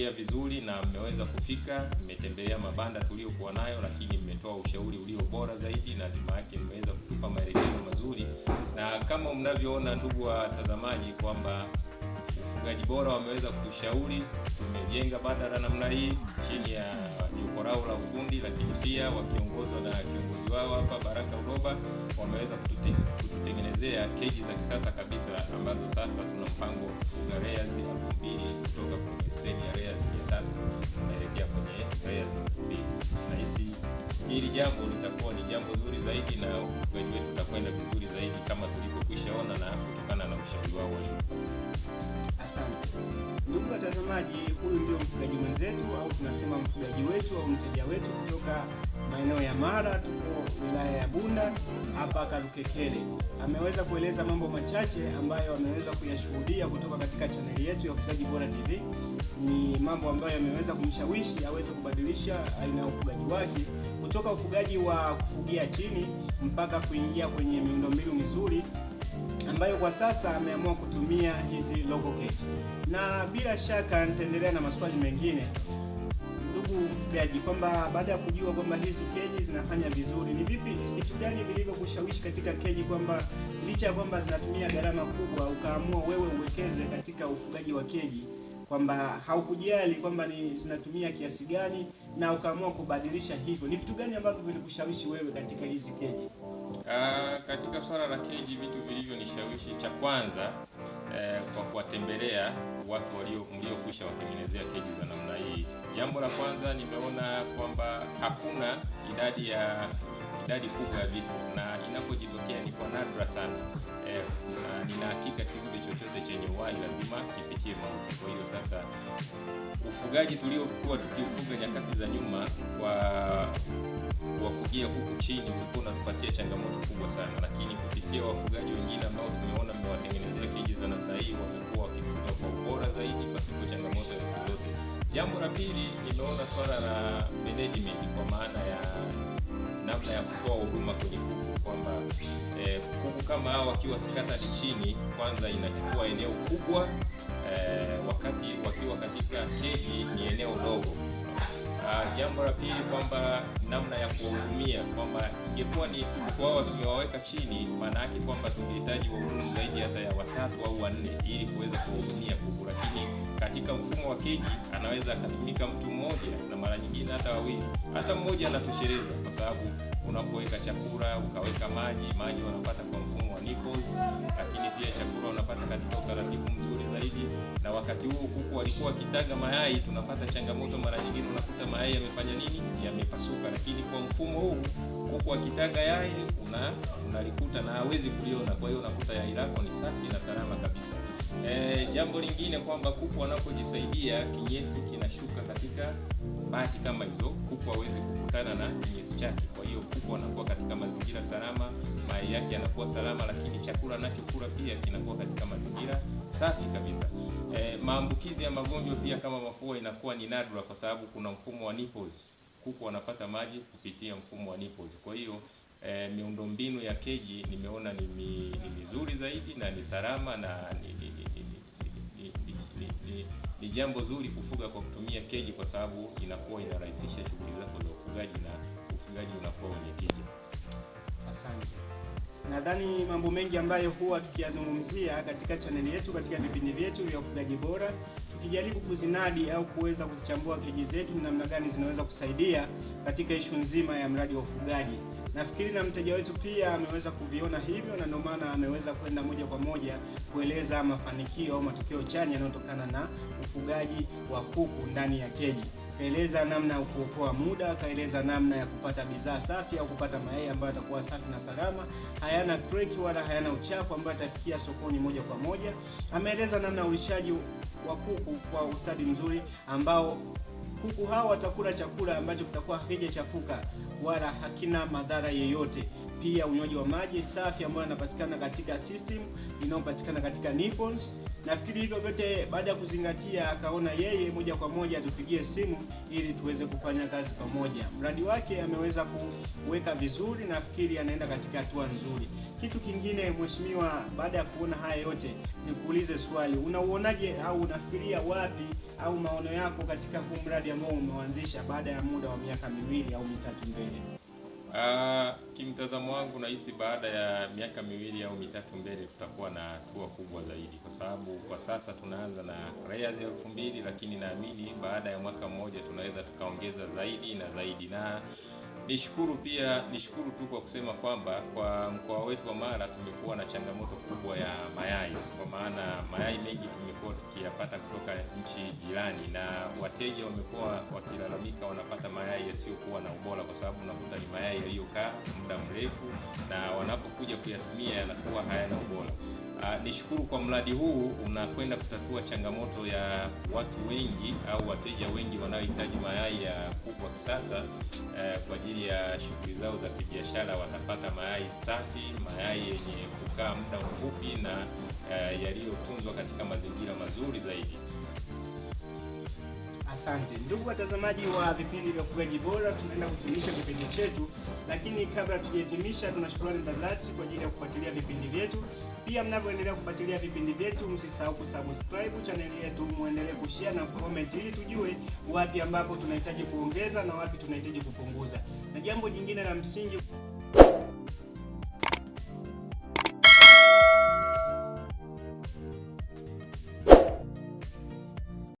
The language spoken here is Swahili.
mmepokea vizuri na mmeweza kufika, mmetembelea mabanda tuliyokuwa nayo, lakini mmetoa ushauri ulio bora zaidi, na tuma yake mmeweza kutupa maelekezo mazuri, na kama mnavyoona, ndugu watazamaji, kwamba ufugaji bora wameweza kutushauri. Tumejenga banda la namna hii chini ya korau la ufundi, lakini pia wakiongozwa na kiongozi wao hapa Baraka Uroba wameweza kututengenezea keji za kisasa kabisa ambazo sasa tuna mpango wa kufuga layers elfu mbili kutoka kwenye steni ya layers mia tatu tunaelekea kwenye layers elfu mbili na hisi hili jambo litakuwa ni jambo zuri zaidi na mtazamaji, huyu ndio mfugaji mwenzetu au tunasema mfugaji wetu au mteja wetu kutoka maeneo ya Mara, tuko wilaya ya Bunda hapa Kalukekele. Ameweza kueleza mambo machache ambayo ameweza kuyashuhudia kutoka katika chaneli yetu ya Ufugaji Bora TV. Ni mambo ambayo yameweza kumshawishi aweze kubadilisha aina ya ufugaji wake kutoka ufugaji wa kufugia chini mpaka kuingia kwenye miundombinu mizuri ambayo kwa sasa ameamua kutumia hizi logo cage, na bila shaka nitaendelea na maswali mengine ndugu mfugaji, kwamba baada ya kujua kwamba hizi keji zinafanya vizuri, ni vipi, vitu gani vilivyokushawishi katika keji, kwamba licha ya kwamba zinatumia gharama kubwa, ukaamua wewe uwekeze katika ufugaji wa keji, kwamba haukujali kwamba ni zinatumia kiasi gani, na ukaamua kubadilisha hivyo? Ni vitu gani ambavyo vilikushawishi wewe katika hizi keji? Ah, katika swala la keji vitu vilivyo nishawishi cha kwanza eh, kwa kuwatembelea watu walio mliokwisha watengenezea keji za namna hii. Jambo la kwanza nimeona kwamba hakuna idadi ya idadi kubwa ya vifo, na inapojitokea ni kwa nadra sana eh, na nina hakika kiumbe chochote chenye uhai lazima kipitie mauti. Kwa hiyo sasa ufugaji tuliokuwa tukiufuga nyakati za nyuma kwa kuwafugia huku chini ulikuwa unatupatia changamoto kubwa sana, lakini kupitia wafugaji wengine ambao tumeona tumewatengenezea kiji za namna hii, wamekuwa wakifuga kwa ubora zaidi pasipo changamoto zozote. Jambo la pili, nimeona swala la management kwa maana ya namna ya kutoa huduma kwenye kuku kwamba e, eh, kuku kama hao wakiwa sikatadi chini, kwanza inachukua eneo kubwa e, wakati wakiwa katika keji ni eneo dogo. Ah, jambo la pili kwamba namna ya kuwahudumia, kwamba ingekuwa ni wao tukiwaweka chini, maana yake kwamba tungehitaji wahudumu zaidi hata ya watatu au wanne ili kuweza kuwahudumia kuku, lakini katika mfumo wa keji anaweza akatumika mtu mmoja na mara nyingine hata wawili, hata mmoja anatosheleza kwa sababu unapoweka chakula ukaweka maji, maji wanapata kwa mfumo wa nipples, lakini pia chakula unapata katika utaratibu mzuri zaidi. Na wakati huu kuku walikuwa wakitaga mayai, tunapata changamoto mara nyingine, unakuta mayai yamefanya nini, yamepasuka. Lakini kwa mfumo huu kuku akitaga yai unalikuta una na hawezi kuliona, kwa hiyo unakuta yai lako ni safi na salama kabisa. E, jambo lingine kwamba kuku wanapojisaidia kinyesi kinashuka katika bati kama hizo, kuku hawezi kukutana na kinyesi chake. Kwa hiyo kuku wanakuwa katika mazingira salama, mayai yake yanakuwa salama, lakini chakula anachokula pia kinakuwa katika mazingira safi kabisa. E, maambukizi ya magonjwa pia kama mafua inakuwa ni nadra, kwa sababu kuna mfumo wa nipples. Kuku wanapata maji kupitia mfumo wa nipples. Kwa hiyo e, miundombinu ya keji nimeona ni, ni mizuri zaidi na ni salama na ni ni, ni jambo zuri kufuga kwa kutumia keji, kwa sababu inakuwa inarahisisha shughuli zako za ufugaji na ufugaji unakuwa wenye tija. Asante. Nadhani mambo mengi ambayo huwa tukiyazungumzia katika chaneli yetu katika vipindi vyetu vya ufugaji bora, tukijaribu kuzinadi au kuweza kuzichambua keji zetu ni namna gani zinaweza kusaidia katika ishu nzima ya mradi wa ufugaji. Nafikiri na mteja wetu pia ameweza kuviona hivyo, na ndio maana ameweza kwenda moja kwa moja kueleza mafanikio au matokeo chanya yanayotokana na ufugaji wa kuku ndani ya keji. Kaeleza namna ya kuokoa muda, kaeleza namna ya kupata bidhaa safi au kupata mayai ambayo yatakuwa safi na salama, hayana crack wala hayana uchafu, ambayo yatafikia sokoni moja kwa moja. Ameeleza namna ya ulishaji wa kuku kwa ustadi mzuri ambao kuku hao watakula chakula ambacho kitakuwa hakijachafuka, wala hakina madhara yeyote. Pia unywaji wa maji safi ambayo yanapatikana katika system inayopatikana katika Nippons Nafikiri hivyo vyote baada ya kuzingatia, akaona yeye moja kwa moja atupigie simu ili tuweze kufanya kazi pamoja. Mradi wake ameweza kuweka vizuri, nafikiri anaenda katika hatua nzuri. Kitu kingine mheshimiwa, baada ya kuona haya yote, nikuulize swali, unauonaje au unafikiria wapi au maono yako katika huu mradi ambao umeanzisha baada ya muda wa miaka miwili au mitatu mbele? Uh, kimtazamo wangu nahisi baada ya miaka miwili au mitatu mbele tutakuwa na hatua kubwa zaidi, kwa sababu kwa sasa tunaanza na layers elfu mbili, lakini naamini baada ya mwaka mmoja tunaweza tukaongeza zaidi na zaidi na Nishukuru pia nishukuru tu kwa kusema kwamba kwa mkoa wetu wa Mara tumekuwa na changamoto kubwa ya mayai, kwa maana mayai mengi tumekuwa tukiyapata kutoka nchi jirani, na wateja wamekuwa wakilalamika wanapata mayai yasiyokuwa na ubora, kwa sababu unakuta ni mayai yaliyokaa muda mrefu, na wanapokuja kuyatumia yanakuwa hayana ubora. Ah, nishukuru kwa mradi huu unakwenda kutatua changamoto ya watu wengi au wateja wengi wanaohitaji mayai ya kuku wa kisasa. Eh, kwa ajili ya shughuli zao za kibiashara watapata mayai safi, mayai yenye kukaa muda mfupi na eh, yaliyotunzwa katika mazingira mazuri zaidi. Asante ndugu watazamaji wa vipindi vya ufugaji bora, tunaenda kutimisha kipindi chetu, lakini kabla tujahitimisha, tunashukuruani shukrani za dhati kwa ajili ya kufuatilia vipindi vyetu. Pia mnavyoendelea kufuatilia vipindi vyetu, msisahau kusubscribe chaneli yetu, muendelee kushare na comment ili tujue wapi ambapo tunahitaji kuongeza na wapi tunahitaji kupunguza, na jambo jingine la msingi